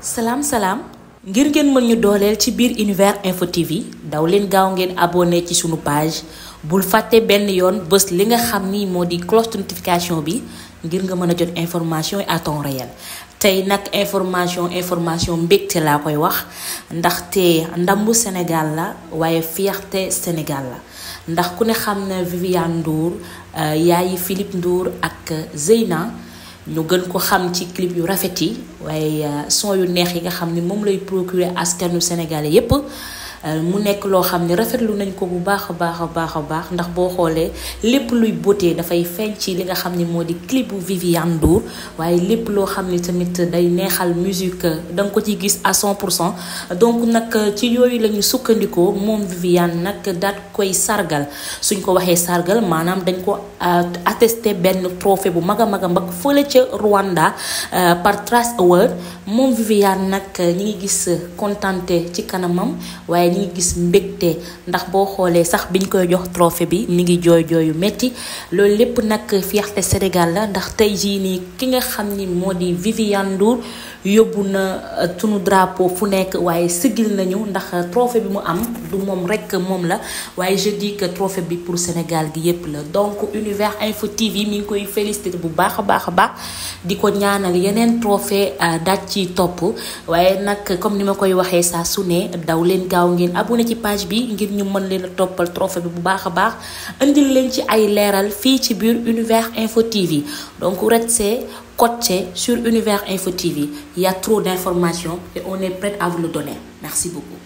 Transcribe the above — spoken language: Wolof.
salaam salaam ngir ngeen mën ñu dooleel ci biir univers info tv daw leen gaaw ngeen abonné ci sunu page bul fàtte benn yoon bës li nga xam ni moo di cloche de bi ngir nga mën a jot information yi à réel tey nag information information mbégte laa koy wax ndaxte ndambu Sénégal la waaye fierté Sénégal la ndax ku ne xam na Viviane Ndour euh, yaayi Philippe Ndour ak Zeyna ñu gën ko xam ci clip yu rafet yi waaye euh, son yu neex yi nga xam ni moom lay procurer askanu Sénégalais yépp Euh, mu nekk loo xam ne rafetlu nañ ko bu baax a baax a baax a baax ndax boo xoolee lépp luy beauté dafay feeñ ci li nga xam ne moo di kilibu bu Viviane Ndour waaye lépp loo xam ne tamit day neexal musique da nga ko ci gis à 100 pour donc nag ci yooyu lañuy ñu sukkandikoo moom Viviane nag daat koy sargal suñ ko waxee sargal maanaam dañ ko euh, attesté benn trophée bu mag a mag a mag fële ca Rwanda euh, par Trace Award moom Viviane nag ñi ngi gis contenté ci kanamam waaye ñi gis mbégte ndax boo xoolee sax bi ñu koy jox trophée bi mi ngi jooy jooyu métti loolu lépp nag fierté Sénégal la ndax tey jii nii ki nga xam ni moo di Viviane Ndour yóbbu na euh, sunu drapeau fu nekk waaye sigil nañu ndax trophée bi mu am du moom rekk moom la waaye je dis que trophée bi pour Sénégal gi yépp la donc Univers Info TV mi ngi koy félicité bu baax a baax a baax di ko ñaanal yeneen trophée euh, daaj ci topp waaye nag comme ni ma koy waxee saa su ne daw leen gaaw ngi ngeen abonné ci page bi ngir ñu mën leen a toppal trophée bi bu baax a baax indi leen ci ay leeral fii ci biir Univers Info TV donc rek c'est coacher sur Univers Info TV. Il y a trop d'informations et on est prêt à vous le donner. Merci beaucoup.